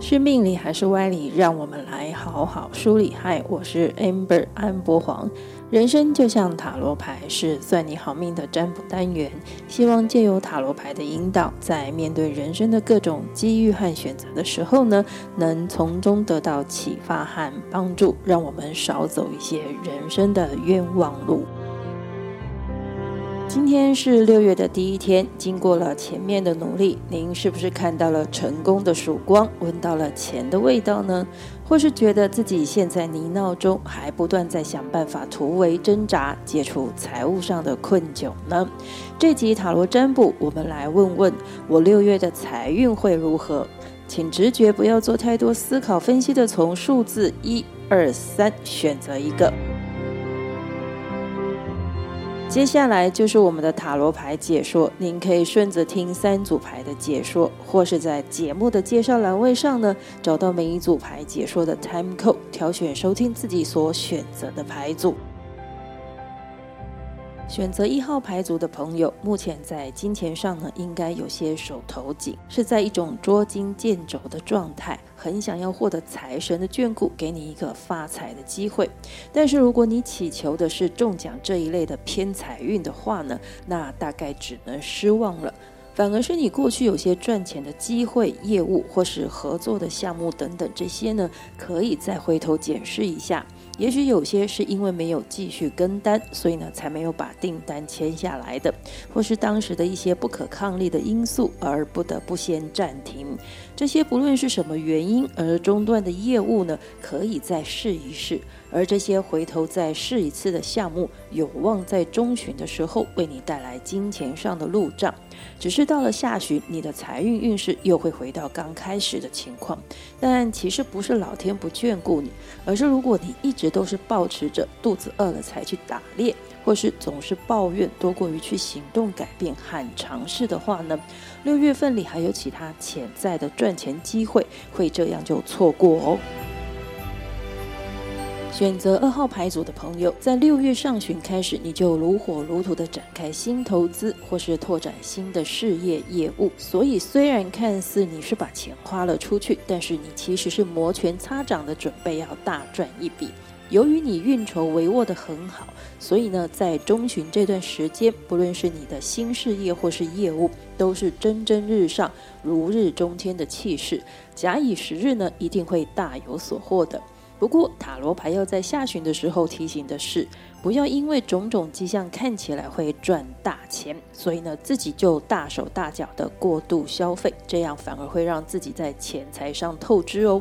是命理還是歪理？讓我們來好好梳理。嗨，我是 Amber 安博黃。人生就像塔羅牌，是算你好命的占卜單元。希望借由塔羅牌的引導，在面對人生的各種機遇和選擇的時候呢，能從中得到啟發和幫助，讓我們少走一些人生的冤枉路。今天是六月的第一天，經過了前面的努力，您是不是看到了成功的曙光，聞到了錢的味道呢？或是覺得自己陷在泥淖中，還不斷在想辦法突圍掙扎，解除財務上的困窘呢？這集塔羅占卜，我們來問問我六月的財運會如何？請直覺不要做太多思考分析的，從數字一、二、三選擇一個。接下來就是我們的塔羅牌解說，您可以順着聽三組牌的解說，或是在節目的介紹欄位上呢，找到每一組牌解說的 time code，挑選收聽自己所選擇的牌組。選擇一號牌組的朋友，目前在金錢上呢，應該有些手頭緊，是在一種捉襟見肘的狀態，很想要獲得財神的眷顧，給你一個發財的機會。但是，如果你祈求的是中獎這一類的偏財運的話呢，那大概只能失望了。反而是你過去有些賺錢的機會、業務或是合作的項目等等這些呢，可以再回頭檢視一下。也許有些是因為沒有繼續跟單，所以呢，才沒有把訂單簽下來的，或是當時的一些不可抗力的因素，而不得不先暫停。這些不論是什麼原因而中斷的業務呢，可以再試一試。而這些回頭再試一次的項目，有望在中旬的時候為你帶來金錢上的路障。只是到了下旬，你的財運運勢又會回到剛開始的情況。但其實不是老天不眷顧你，而是如果你一直。也都是保持着肚子餓了才去打獵，或是總是抱怨多過於去行動改變、和嘗試的話呢，六月份裡還有其他潛在的賺錢機會，會這樣就錯過哦。選擇二號牌組的朋友，在六月上旬開始，你就如火如荼的展開新投資或是拓展新的事業業務，所以雖然看似你是把錢花了出去，但是你其實是摩拳擦掌的準備要大賺一筆。由於你運籌帷幄得很好，所以呢，在中旬這段時間，不論是你的新事業或是業務，都是蒸蒸日上、如日中天的氣勢。假以時日呢，一定會大有所獲的。不過，塔羅牌要在下旬的時候提醒的是，不要因為種種跡象看起來會賺大錢，所以呢，自己就大手大腳的過度消費，這樣反而會讓自己在錢財上透支哦。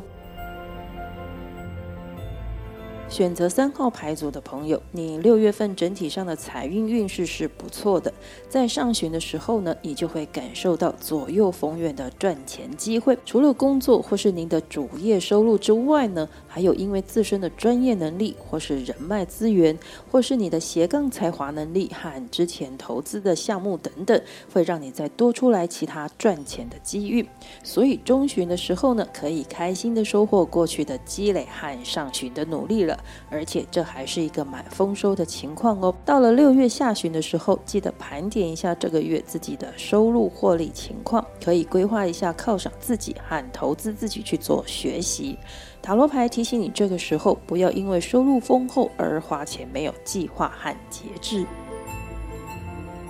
選擇三號牌組的朋友，你六月份整體上的財運運勢是不錯的。在上旬的時候呢，你就會感受到左右逢源的賺錢機會。除了工作或是您的主業收入之外呢，還有因為自身的專業能力，或是人脈資源，或是你的斜槓才華能力和之前投資的項目等等，會讓你再多出來其他賺錢的機遇。所以中旬的時候呢，可以開心的收穫過去的積累和上旬的努力了。而且這還是一個蠻豐收的情況哦。到了六月下旬的時候，記得盤點一下這個月自己的收入獲利情況，可以規劃一下犒賞自己和投資自己去做學習。塔羅牌提醒你，這個時候不要因為收入豐厚而花錢沒有計劃和節制。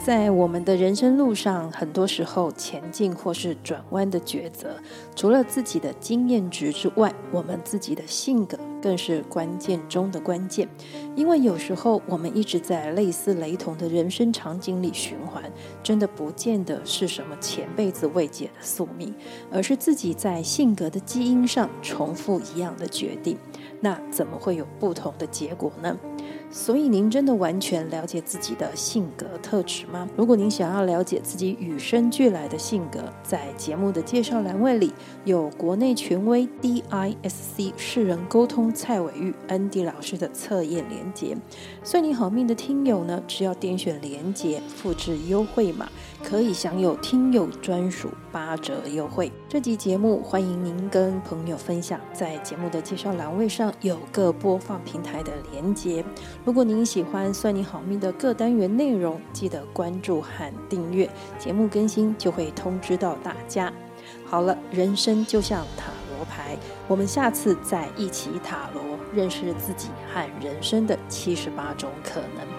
在我們的人生路上，很多時候前進或是轉彎的抉擇，除了自己的經驗值之外，我們自己的性格更是關鍵中的關鍵。因為有時候我們一直在類似雷同的人生場景裡循環，真的不見得是什麼前輩子未解的宿命，而是自己在性格的基因上重複一樣的決定，那怎麼會有不同的結果呢？所以您真的完全了解自己的性格特質嗎？如果您想要了解自己與生俱來的性格，在節目的介紹欄位裡有國內權威 DISC 識人溝通蔡偉玉 Andy 老師的測驗連接。算你好命的聽友呢，只要點選連接，複製優惠碼，可以享有聽友專屬八折優惠。這集節目歡迎您跟朋友分享，在節目的介紹欄位上有各播放平台的連接。如果您喜歡《算你好命》的各單元內容，記得關注和訂閱，節目更新就會通知到大家。好了，人生就像塔羅牌，我們下次再一起塔羅，認識自己和人生的七十八種可能。